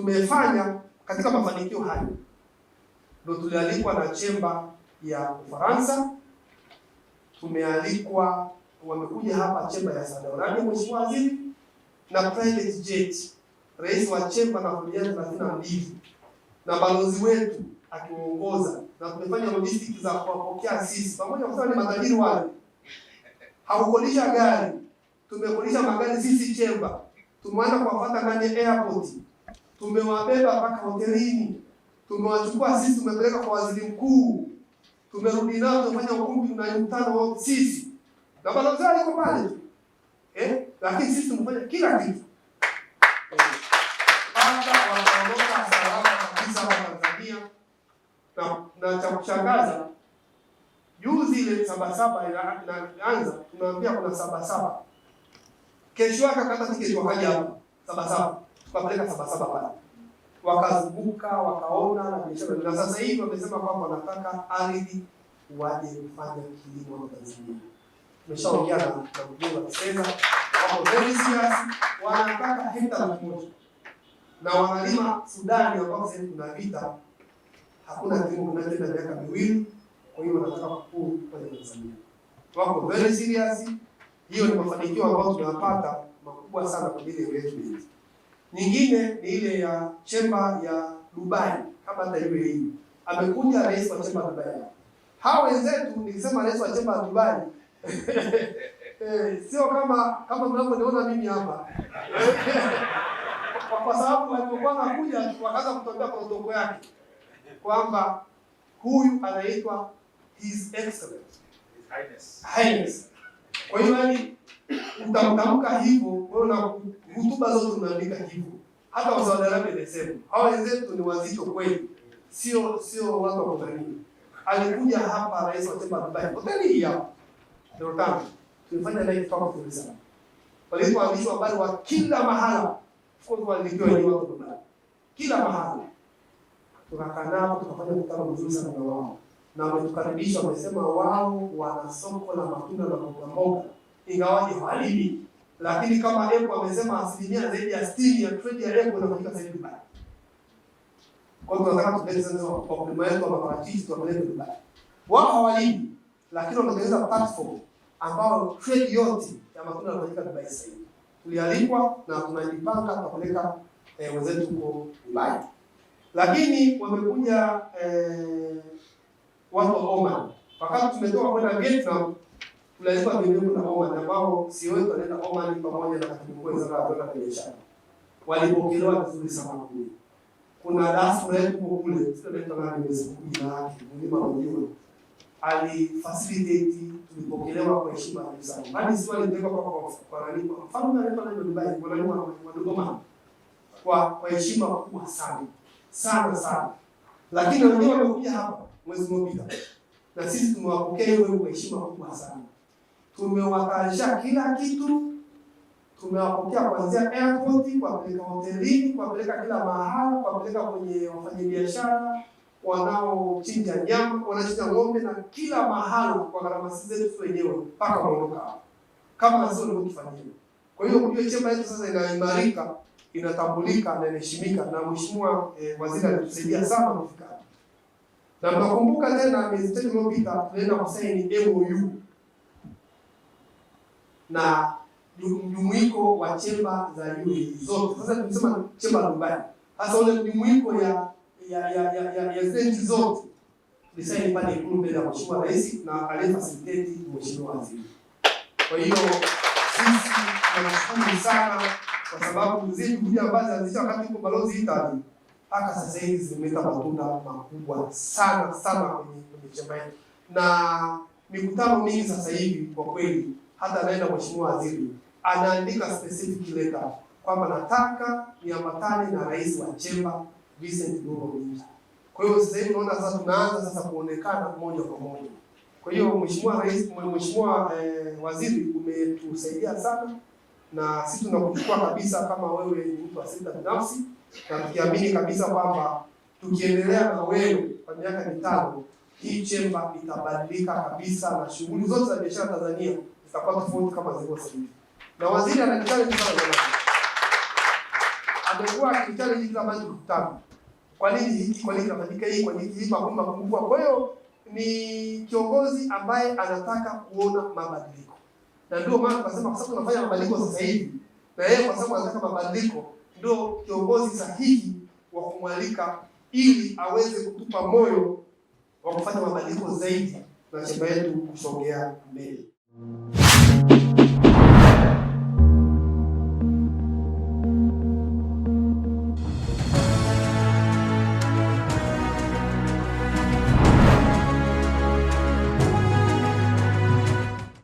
tumefanya katika mafanikio hayo ndio tulialikwa na chemba ya Ufaransa, tumealikwa wamekuja hapa chemba ya Saudi Arabia, mheshimiwa waziri, na private jet, rais wa chemba na familia thelathini na mbili na balozi wetu akiongoza na tumefanya logistics za kuwapokea sisi pamoja na ni matajiri wale. Hakukodisha gari, tumekodisha magari sisi chemba, tumeenda kuwafuata kwenye airport tumewabeba mpaka hotelini, tumewachukua sisi, tumepeleka kwa waziri mkuu, tumerudi nao, tumefanya ukumbi na mkutano wao sisi na balozi yuko pale eh, lakini sisi tumefanya kila kitu salama kabisa Tanzania na, na cha kushangaza juzi ile sabasaba inaanza, tunaambia kuna sabasaba, kesho yake akakata tiketi haja hapo sabasaba wakaleta Sabasaba pale, wakazunguka wakaona na biashara, na sasa hivi wamesema kwamba wanataka ardhi waje kufanya kilimo na Tanzania. Tumeshaongea na mjengo wa Sena, wako very serious, wanataka hekta laki moja na wanalima Sudani ambao sasa kuna vita, hakuna kilimo kuna tena miaka miwili. Kwa hiyo wanataka kukuu pale Tanzania, wako very serious. Hiyo ni mafanikio ambayo tunapata makubwa sana kwa ajili ya yetu. Nyingine ni ile ya chemba ya Dubai kama hata yule hii. Amekuja rais wa chemba ya Dubai. Hao wenzetu nilisema rais wa chemba ya Dubai. Eh, sio kama kama mnavyoniona mimi hapa. Kwa sababu alipokuwa anakuja wakaanza kwa protokoli yake kwamba huyu anaitwa His Excellency Highness. Highness. Kwa hiyo yani utamtamka hivyo, wewe na hutuba zote unaandika hivyo. Hata kwa Saudi Arabia inasema, hawa wenzetu ni wazito kweli. Sio sio watu wa kudhani. Alikuja hapa rais wa Temba Dubai. Hoteli hii hapa. Ndio tatu. Tulifanya naye kama kuuliza. Walipo waandishi wa habari wa kila mahala. Kwa waandikiwa ni watu wa kila mahala. Tukakaa nao tukafanya mkutano mzuri sana na wao na wametukaribisha, wamesema wao wana soko la matunda na mboga mboga, ingawaje hawalimi, lakini kama Embo amesema asilimia zaidi ya 60 ya trade ya Embo inafanyika zaidi Dubai. Kwa hiyo tunataka tutengeneze kwa wakulima wetu wa maparachichi tuwapeleke Dubai. Wao hawalimi, lakini wametengeneza platform ambao trade yote ya matunda inafanyika Dubai sasa hivi. Tulialikwa na tunajipanga kupeleka eh, wenzetu huko Dubai, lakini wamekuja eh, watu wa Oman. Wakati tumetoka kwenda Vietnam, tulazima viungo na Oman ambao siwezi kwenda Oman pamoja na katibu mkuu wa kwenda biashara. Walipokelewa vizuri sana kule. Kuna dasra yetu kule, tunaenda kama nimezungumza yake, mlima mwenyewe Ali facilitate tulipokelewa kwa heshima kabisa. Bali si wale ndio kwa kwa kwa nani kwa mfano na leo ndio Dubai kwa nani wa Dodoma. Kwa kwa heshima kubwa sana. Sana sana. Lakini wengine wamekuja hapa mwezi mmoja, na sisi tumewapokea hiyo kwa heshima kubwa sana. Tumewakalisha kila kitu, tumewapokea kuanzia airport, kuwapeleka hotelini, kuwapeleka kila mahala, kuwapeleka kwenye wafanyabiashara wanaochinja nyama, wanachinja ng'ombe na kila mahali, kwa gharama zetu wenyewe mpaka kuondoka kama sio ndio kufanyia. Kwa hiyo kujua chemba yetu sasa inaimarika, inatambulika na inaheshimika na mheshimiwa eh, waziri alitusaidia sana kufikia na mnakumbuka tena miezi tatu iliyopita tunaenda kusaini MOU na mjumuiko wa chemba za juu zote. Sasa tunasema chemba arobaini. Sasa ule mjumuiko ya ya ya ya, ya, ya zenji zote tulisaini pale Ikulu mbele ya Mheshimiwa Rais na aliyefasiliteti Mheshimiwa Waziri. Kwa hiyo sisi tunashukuru sana kwa sababu zetu kuja ambazo zilizokuwa wakati kwa balozi Italy mpaka sasa hivi zimeleta matunda makubwa sana sana kwenye chama yetu, na mikutano mingi sasa hivi kwa kweli, hata anaenda mheshimiwa waziri anaandika specific letter kwamba nataka niambatane na rais wa chemba Vincent Ndugu Mwinyi. Kwa hiyo sasa hivi unaona sasa tunaanza sasa kuonekana moja kwa moja. Kwa hiyo mheshimiwa rais, mheshimiwa eh, waziri umetusaidia sana na sisi tunakuchukua kabisa kama wewe ni mtu wa sekta binafsi na tukiamini kabisa kwamba tukiendelea na wewe kwa miaka mitano hii chemba itabadilika kabisa na shughuli zote za biashara Tanzania zitakuwa tofauti kama zilivyo sasa hivi. Na waziri ana challenge sana amekuwa akichallenge kila mara kutaka kwa nini hiki, kwa nini kinafanyika hii, kwa nini hii, magumu makubwa. Kwa hiyo ni kiongozi ambaye anataka kuona mabadiliko, na ndio maana tunasema kwa sababu tunafanya mabadiliko sasa hivi, na yeye kwa sababu anataka mabadiliko ndio kiongozi sahihi wa kumwalika ili aweze kutupa moyo wa kufanya mabadiliko zaidi na chemba yetu kusongea mbele.